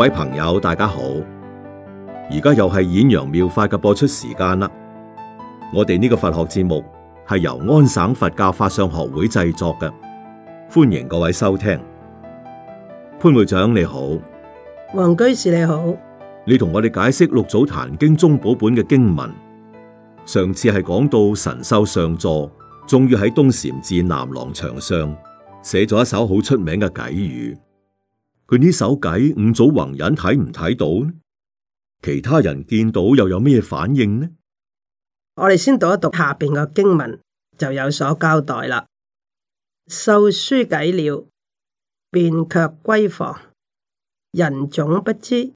各位朋友，大家好！而家又係《演揚妙法》嘅播出時間啦。我哋呢個佛學節目係由安省佛教法相學會製作嘅，歡迎各位收聽。潘會長你好，王居士你好，你同我哋解釋《六祖壇經》宗寶本嘅經文。上次係講到神秀上座，終於喺東禪寺南廊牆上寫咗一首好出名嘅偈語。佢呢首偈，五祖弘忍睇唔睇到呢？其他人見到又有咩反應呢？我哋先讀一讀下邊嘅經文，就有所交代啦。秀書偈了，便卻歸房，人總不知，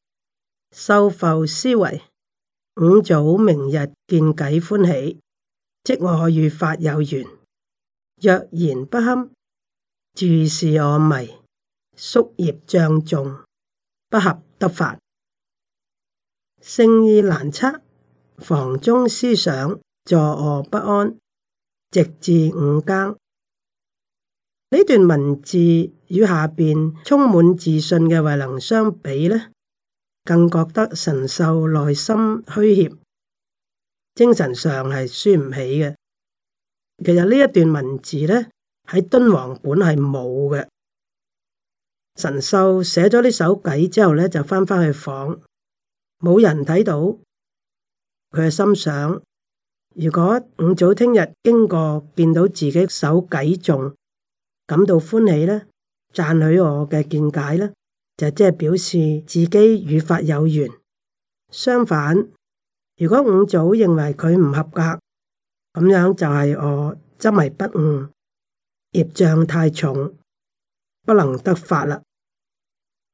秀復思維。五祖明日見偈歡喜，即我與法有緣。若言不堪，自是我迷。宿業障重，不合得法，聖意難測，房中思想，坐臥不安，直至五更。呢段文字與下邊充滿自信嘅慧能相比呢，更覺得神秀內心虛怯，精神上係輸唔起嘅。其實呢一段文字呢喺敦煌本係冇嘅。神秀寫咗呢首偈之後呢，就翻返去房，冇人睇到。佢係心想：如果五祖聽日經過見到自己首偈仲感到歡喜呢，讚許我嘅見解呢，就即係表示自己與法有緣。相反，如果五祖認為佢唔合格，咁樣就係我執迷不悟，業障太重。不能得法啦，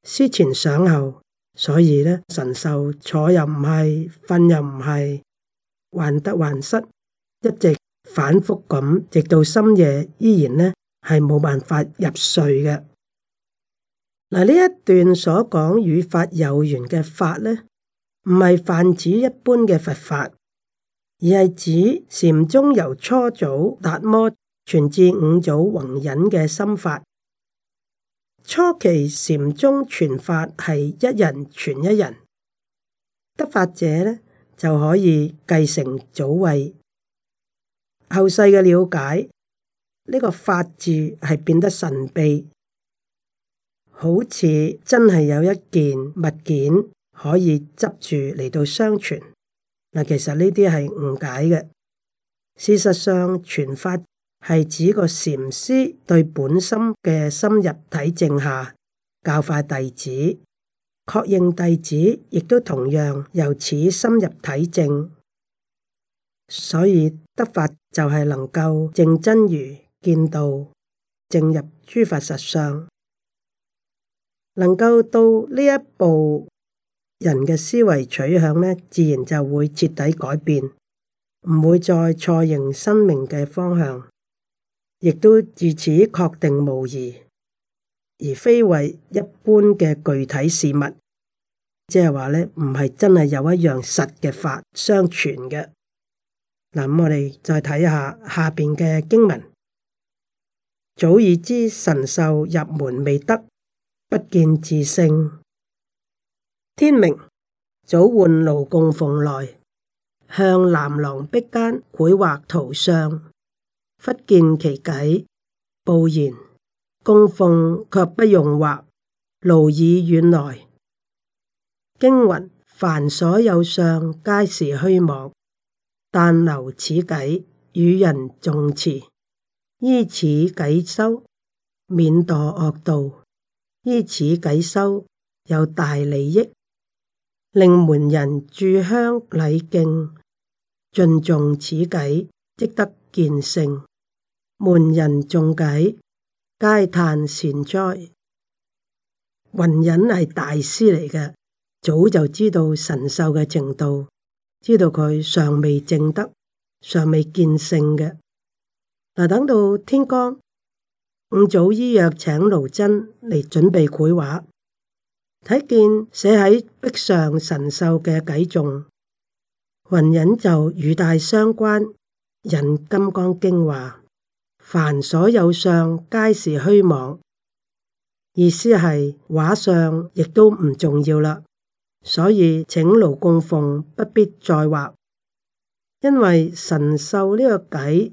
思前想後，所以呢神秀坐又唔係，瞓又唔係，患得患失，一直反覆咁，直到深夜依然呢係冇辦法入睡嘅。嗱，呢一段所講與法有緣嘅法呢，唔係泛指一般嘅佛法，而係指禪宗由初祖達摩傳至五祖弘忍嘅心法。初期禪宗傳法係一人傳一人，得法者呢就可以繼承祖位。後世嘅了解，呢個法字係變得神秘，好似真係有一件物件可以執住嚟到相傳。嗱，其實呢啲係誤解嘅，事實上傳法，係指個禪師對本心嘅深入體證下，教化弟子，確認弟子亦都同樣由此深入體證，所以得法就係能夠證真如見道，見到證入諸法實相，能夠到呢一步，人嘅思維取向呢，自然就會徹底改變，唔會再錯認生命嘅方向。亦都自此確定無疑，而非為一般嘅具體事物，即係話呢，唔係真係有一樣實嘅法相傳嘅。嗱，我哋再睇一下下邊嘅經文：早已知神秀入門未得，不見自性。天明早喚盧供奉來，向南廊壁間繪畫圖相。」忽見其偈，報言，供奉卻不用畫，勞爾遠來，經云，凡所有相，皆是虛妄。但留此偈與人誦持，依此偈修，免墮惡道；依此偈修，有大利益。令門人炷香禮敬，盡誦此偈，即得見性。門人誦偈皆嘆善哉。弘忍係大師嚟嘅，早就知道神秀嘅程度，知道佢尚未證得，尚未見性嘅。嗱，等到天光，五祖依約請盧珍嚟準備繪畫，睇見寫喺壁上神秀嘅偈頌，弘忍就語帶相關，引金剛經話。凡所有相，皆是虛妄。意思係畫相亦都唔重要啦，所以請盧供奉不必再畫，因為神秀呢個偈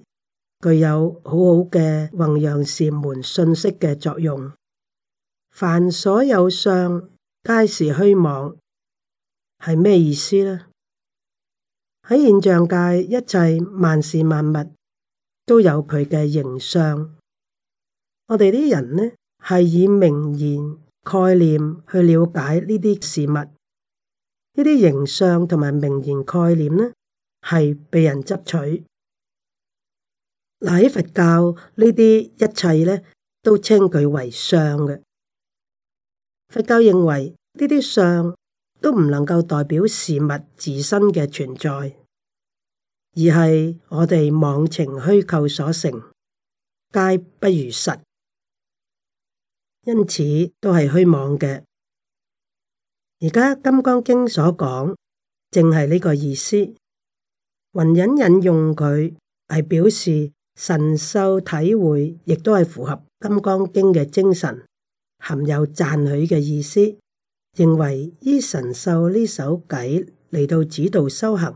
具有好好嘅弘揚善門信息嘅作用。凡所有相，皆是虛妄，係咩意思呢？喺現象界，一切萬事萬物。都有佢嘅形象。我哋啲人呢，係以名言概念去了解呢啲事物，呢啲形象同埋名言概念呢，係被人執取。嗱，喺佛教，呢啲一切呢都稱佢為相嘅，佛教認為呢啲相都唔能夠代表事物自身嘅存在。而係我哋妄情虛構所成，皆不如實，因此都係虛妄嘅。而家《金剛經》所講，正係呢個意思。雲隱引用佢係表示神秀體會，亦都係符合《金剛經》嘅精神，含有讚許嘅意思，認為依神秀呢首偈嚟到指導修行。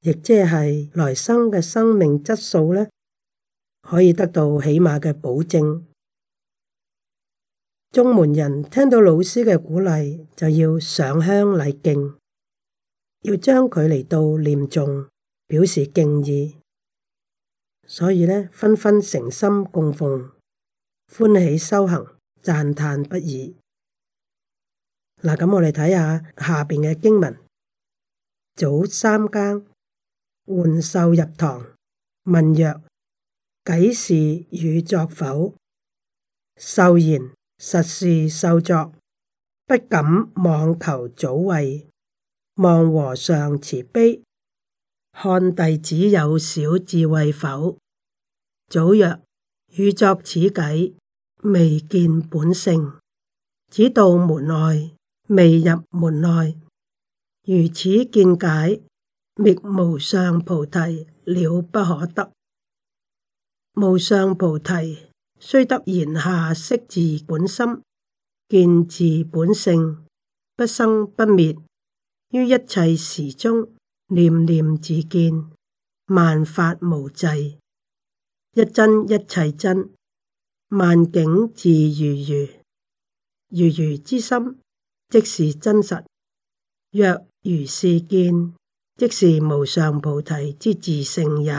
亦即係來生嘅生命質素呢，可以得到起碼嘅保證。眾門人聽到老師嘅鼓勵，就要上香禮敬，要將佢嚟到念誦，表示敬意。所以呢，紛紛誠心供奉，歡喜修行，讚嘆不已。嗱，咁我哋睇下下邊嘅經文，早三更。喚秀入堂，問曰：偈是汝作否？秀言實是秀作，不敢妄求祖位。望和尚慈悲，看弟子有少智慧否？祖曰：汝作此偈，未見本性，只到門外，未入門內。如此見解。覓無上菩提了不可得。無上菩提雖得言下識自本心，見自本性不生不滅於一切時中念念自見萬法無際一真一切真萬境自如如如如之心即是真實。若如是見。即是無上菩提之自性也。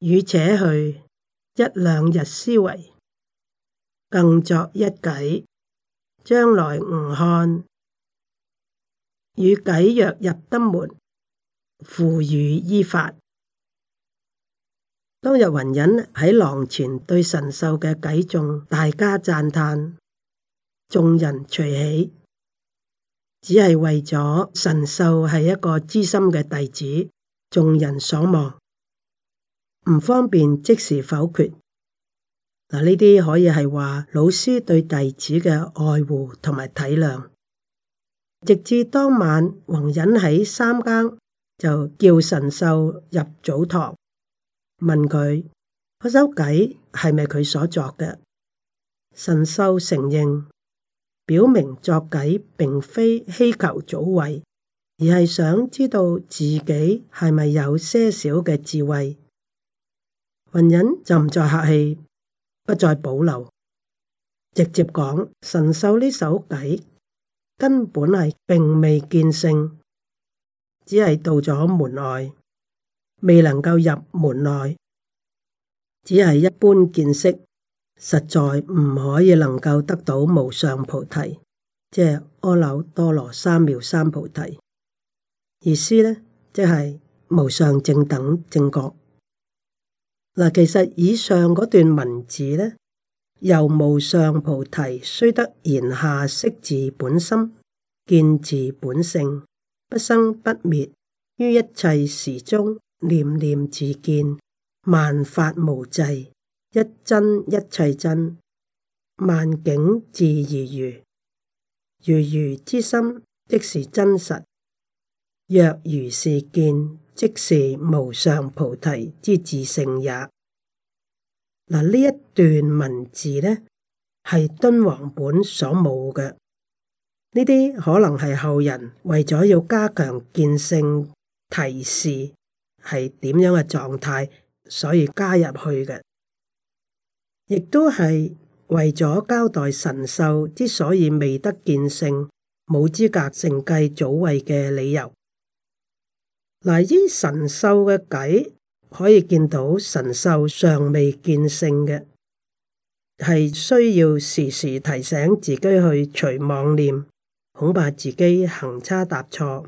與且去一兩日思維，更作一偈。將來吾看，與偈若入得門，付與依法。當日雲隱喺廊前對神秀嘅偈眾，大家讚歎，眾人隨喜。只係為咗神秀係一個知心嘅弟子，眾人所望，唔方便即時否決。嗱，呢啲可以係話老師對弟子嘅愛護同埋體諒。直至當晚，弘忍喺三更就叫神秀入祖堂，問佢嗰首偈係咪佢所作嘅。神秀承認。表明作偈，並非希求祖位，而係想知道自己係咪有些少嘅智慧。雲隱就唔再客氣，不再保留，直接講，神秀呢首偈根本係並未見性，只係到咗門外，未能夠入門內，只係一般見識，實在唔可以能夠得到無上菩提，即係阿耨多羅三藐三菩提。意思呢，即係無上正等正覺。嗱，其實以上嗰段文字呢，由無上菩提須得言下識自本心，見自本性，不生不滅，於一切時中念念自見，萬法無際。一真一切真，萬境自如如。如如之心即是真實。若如是見，即是無上菩提之自性也。嗱，呢一段文字呢，係敦煌本所冇嘅。呢啲可能係後人為咗要加強見性提示，係點樣嘅狀態，所以加入去嘅。亦都係為咗交代神秀之所以未得見性、冇資格承繼祖位嘅理由。嗱，依神秀嘅偈可以見到，神秀尚未見性嘅係需要時時提醒自己去除妄念，恐怕自己行差踏錯。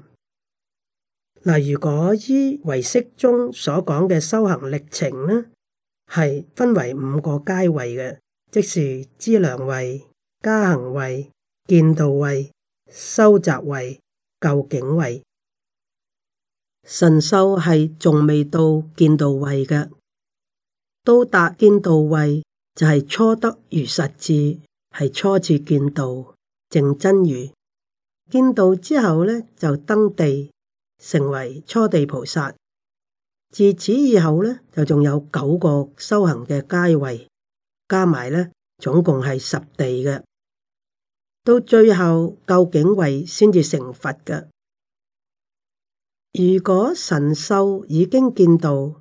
嗱，如果依唯識中所講嘅修行歷程呢？係分為五個階位嘅，即是資糧位、加行位、見道位、修集位、究竟位。神秀係仲未到見道位嘅，到達見道位就係、是、初得如實智，係初次見道，證真如。見道之後呢，就登地，成為初地菩薩。自此以後呢，就仲有九個修行嘅階位，加埋呢，總共係十地嘅。到最後究竟位先至成佛嘅。如果神秀已經見到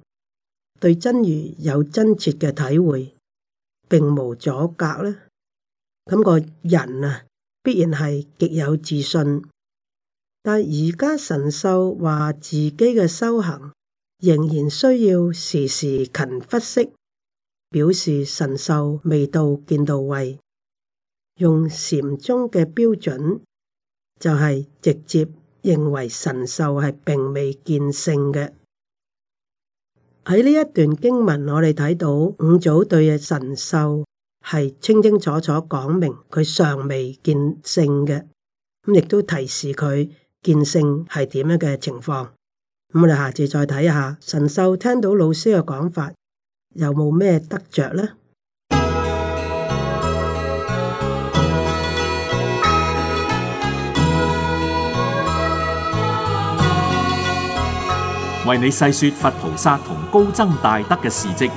對真如有真切嘅體會，並無阻隔呢，咁、那個人啊，必然係極有自信。但而家神秀話自己嘅修行。仍然需要時時勤拂拭，表示神秀未到見道位。用禪宗嘅標準，就係、是、直接認為神秀係並未見性嘅。喺呢一段經文，我哋睇到五祖對嘅神秀係清清楚楚講明佢尚未見性嘅，咁亦都提示佢見性係點樣嘅情況。咁我哋下次再睇下神秀聽到老師嘅講法，有冇咩得着呢？為你細說佛菩薩同高僧大德嘅事蹟，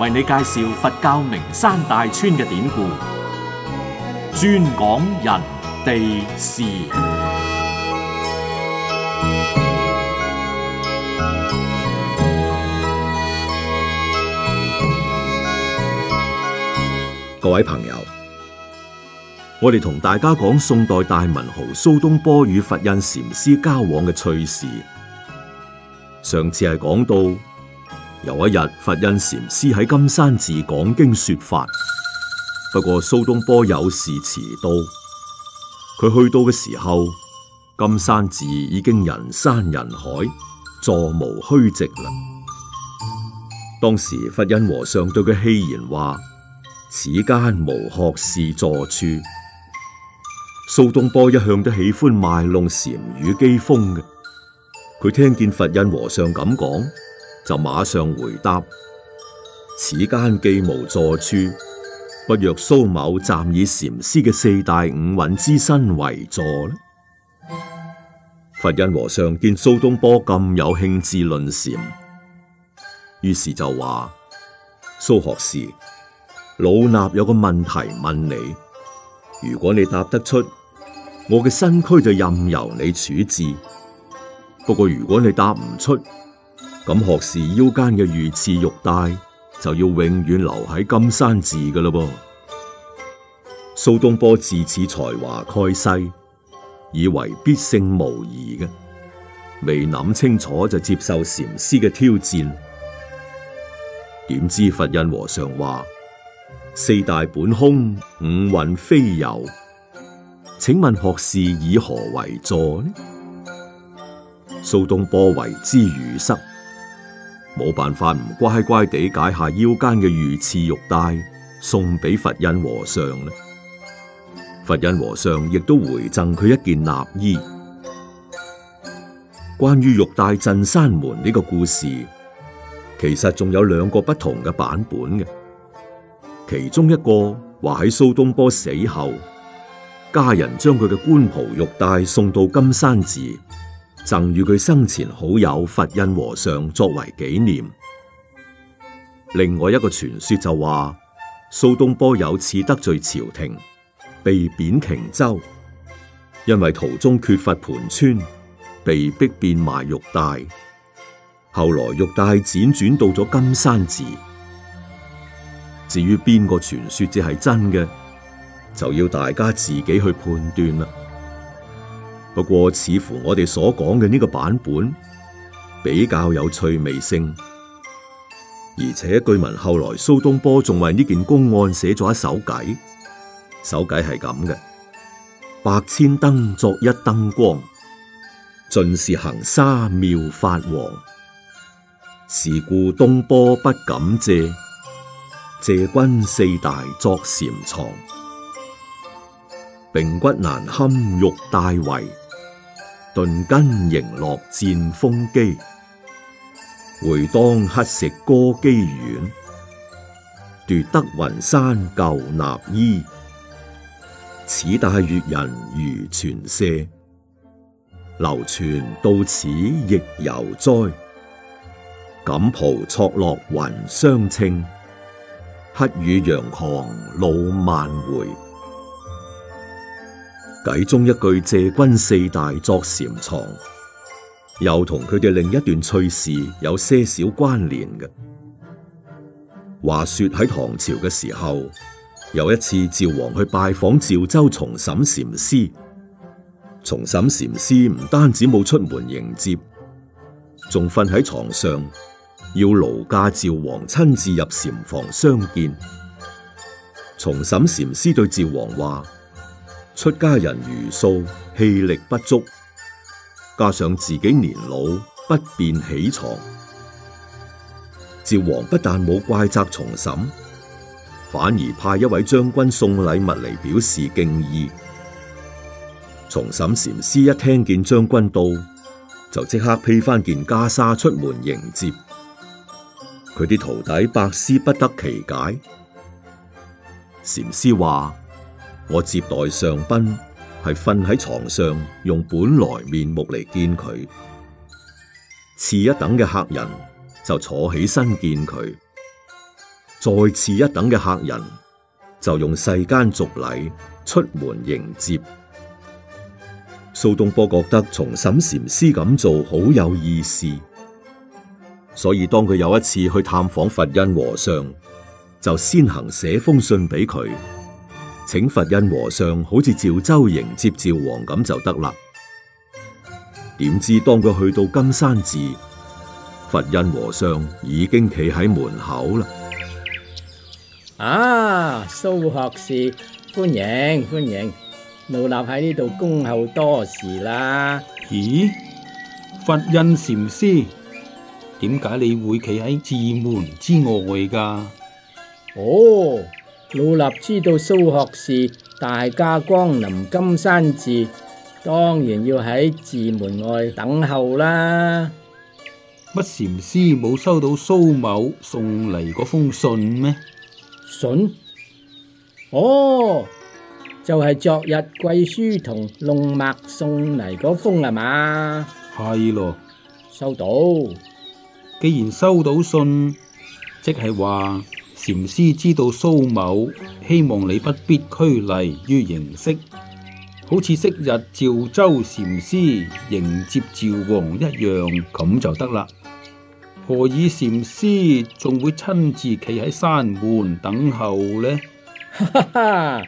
為你介紹佛教名山大川嘅典故，專講人地事。各位朋友，我哋同大家講宋代大文豪蘇東坡與佛印禪師交往嘅趣事。上次係講到，有一日佛印禪師喺金山寺講經說法，不過蘇東坡有事遲到，佢去到嘅時候，金山寺已經人山人海，座無虛席啦。當時佛印和尚對佢戲言話：此間無學士坐處，蘇東坡一向都喜歡賣弄禪語機鋒嘅。佢聽見佛印和尚咁講，就馬上回答：此間既無坐處，不若蘇某暫以禪師嘅四大五蘊之身為坐呢？佛印和尚見蘇東坡咁有興致論禪，於是就話：蘇學士。老衲有個問題問你，如果你答得出，我嘅身軀就任由你處置。不過如果你答唔出，咁學士腰間嘅魚刺玉帶就要永遠留喺金山寺嘅嘞噃。蘇東坡自恃才華蓋世，以為必勝無疑嘅，未諗清楚就接受禪師嘅挑戰。點知佛印和尚話。四大本空，五蘊非有，請問學士以何為座呢？蘇東坡為之如失，冇辦法唔乖乖地解下腰間嘅魚刺玉帶，送俾佛印和尚咧。佛印和尚亦都回贈佢一件衲衣。關於玉帶鎮山門呢個故事，其實仲有兩個不同嘅版本嘅。其中一個話喺蘇東坡死後，家人將佢嘅官袍玉帶送到金山寺，贈與佢生前好友佛印和尚作為紀念。另外一個傳說就話蘇東坡有次得罪朝廷，被貶瓊州，因為途中缺乏盤川，被逼變賣玉帶，後來玉帶輾轉到咗金山寺。至於邊個傳說只係真嘅，就要大家自己去判斷啦。不過似乎我哋所講嘅呢個版本比較有趣味性，而且據聞後來蘇東坡仲為呢件公案寫咗一首偈。首偈係咁嘅：百千燈作一燈光，盡是恒沙妙法王。是故東坡不敢借。借君四大作禪床，并骨難堪玉帶圍，頓根仍落戰風機，回當乞食歌姬院，奪得雲山舊衲衣。此帶閱人如傳舍，流傳到此亦猶哉。錦袍錯落雲相稱。乞與佯狂老萬回，偈中一句借君四大作禪床，又同佢哋另一段趣事有些少關聯嘅。話說喺唐朝嘅時候，有一次趙王去拜訪趙州從諗禪師，從諗禪師唔單止冇出門迎接，仲瞓喺床上。要勞駕趙王親自入禪房相見。重審禪師對趙王話：出家人茹素，氣力不足，加上自己年老不便起床。趙王不但冇怪責重審，反而派一位將軍送禮物嚟表示敬意。重審禪師一聽見將軍到，就即刻披翻件袈裟出門迎接。佢啲徒弟百思不得其解，禪師話：我接待上賓係瞓喺床上，用本來面目嚟見佢；次一等嘅客人就坐起身見佢；再次一等嘅客人就用世間俗禮出門迎接。蘇東坡覺得從諗禪師咁做好有意思。所以當佢有一次去探訪佛印和尚，就先行寫封信俾佢，請佛印和尚好似趙州迎接趙王咁就得啦。點知當佢去到金山寺，佛印和尚已經企喺門口啦。啊，蘇學士，歡迎歡迎，老衲喺呢度恭候多時啦。咦，佛印禪師？點解你會企喺寺門之外噶？哦，老衲知道蘇學士大駕光臨金山寺，當然要喺寺門外等候啦。乜禪師冇收到蘇某送嚟嗰封信咩？信？哦，就係昨日貴書同弄墨送嚟嗰封啊嘛。係咯，收到。既然收到信，即係話禪師知道蘇某，希望你不必拘泥於形式，好似昔日趙州禪師迎接趙王一樣，咁就得啦。何以禪師仲會親自企喺山門等候呢？哈哈，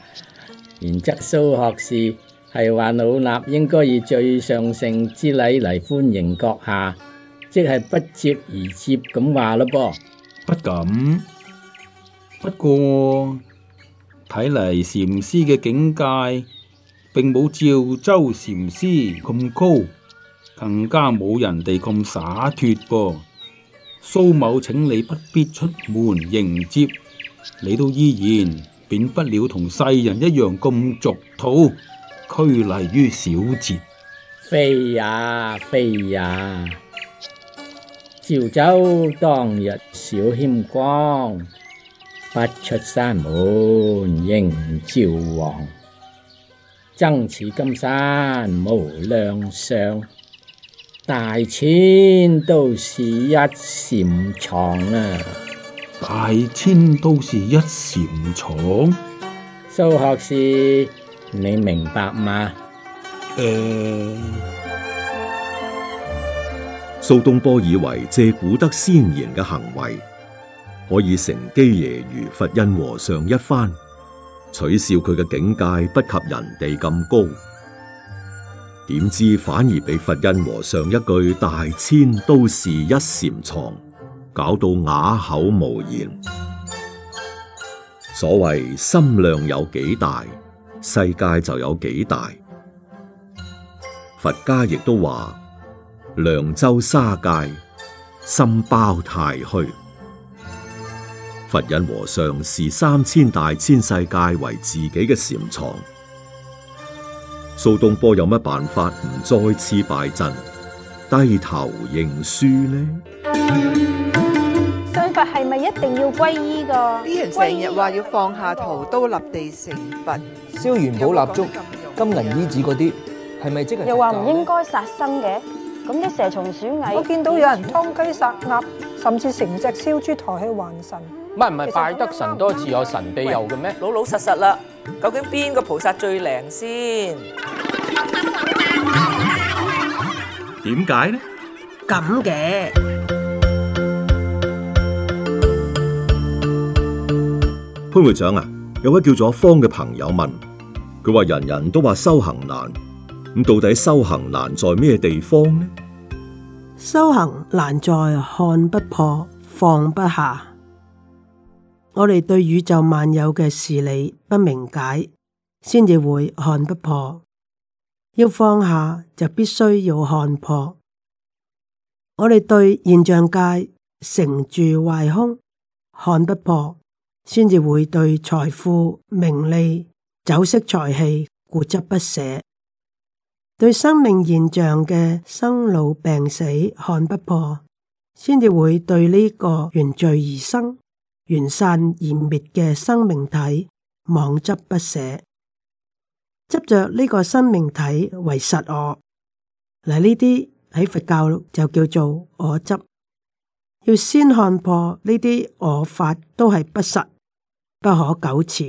原則，蘇學士係話老衲應該以最上乘之禮嚟歡迎閣下。即係不接而接咁話咯噃，不敢。不過睇嚟禪師嘅境界並冇趙州禪師咁高，更加冇人哋咁灑脫噃。蘇某請你不必出門迎接，你都依然免不了同世人一樣咁俗套，拘泥於小節。飛呀，飛呀！趙州當日少謙光，不出山門迎趙王。爭似金山無量相，大千都是一禪床啊！大千都是一禪床，蘇學士，你明白嗎？誒、呃。蘇東坡以為借古德先賢嘅行為，可以乘機揶揄佛印和尚一番，取笑佢嘅境界不及人哋咁高。點知反而俾佛印和尚一句大千都是一禪床，搞到啞口無言。所謂心量有幾大，世界就有幾大。佛家亦都話。涼州沙界，心包太虛，佛印和尚視三千大千世界為自己嘅禪床。蘇東坡有乜辦法唔再次敗陣，低頭認輸呢？信佛係咪一定要皈依㗎？啲人成日話要放下屠刀醫立地成佛，燒元寶蠟燭、金銀衣紙嗰啲，係咪、嗯、即係？又話唔應該殺生嘅？咁啲蛇蟲鼠蟻，我見到有人劏雞殺鴨，甚至成隻燒豬抬起還神。唔係唔係，拜得神多自然有神庇佑嘅咩？老老實實啦，究竟邊個菩薩最靈先？點解呢？咁嘅潘會長啊，有位叫做方嘅朋友問，佢話人人都話修行難。咁到底修行難在咩地方呢？修行難在看不破、放不下。我哋對宇宙萬有嘅事理不明解，先至會看不破。要放下就必須要看破。我哋對現象界成住壞空看不破，先至會對財富、名利、酒色財氣固執不捨。對生命現象嘅生老病死看不破，先至會對呢個緣聚而生、緣散而滅嘅生命體妄執不捨，執着呢個生命體為實我。嗱，呢啲喺佛教就叫做我執。要先看破呢啲我法都係不實，不可久持，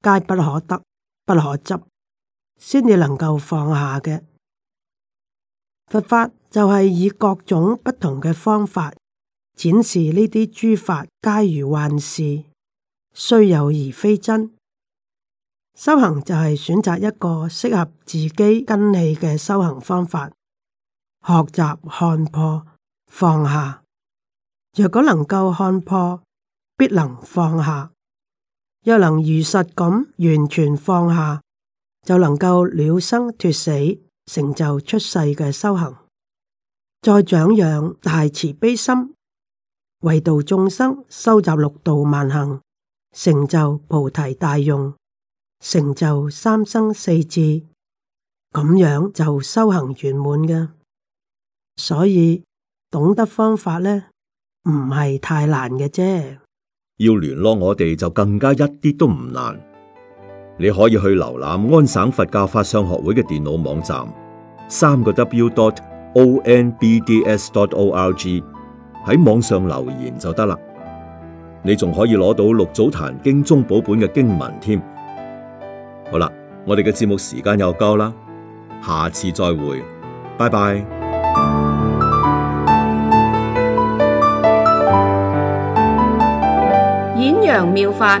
皆不可得，不可執。先至能夠放下嘅。佛法就係以各種不同嘅方法展示呢啲諸法皆如幻事，雖有而非真。修行就係選擇一個適合自己根器嘅修行方法，學習看破放下。若果能夠看破，必能放下；若能如實咁完全放下。就能夠了生脱死，成就出世嘅修行，再長養大慈悲心，為度眾生，收集六度萬行，成就菩提大用，成就三身四智，咁樣就修行圓滿嘅。所以懂得方法呢，唔係太難嘅啫。要聯絡我哋就更加一啲都唔難。你可以去瀏覽安省佛教法相學會嘅電腦網站，三個 W dot O N B D S dot O R G 喺網上留言就得啦。你仲可以攞到六祖壇經中寶本嘅經文添。好啦，我哋嘅節目時間又夠啦，下次再會，拜拜。演揚妙法。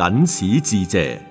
僅此致謝。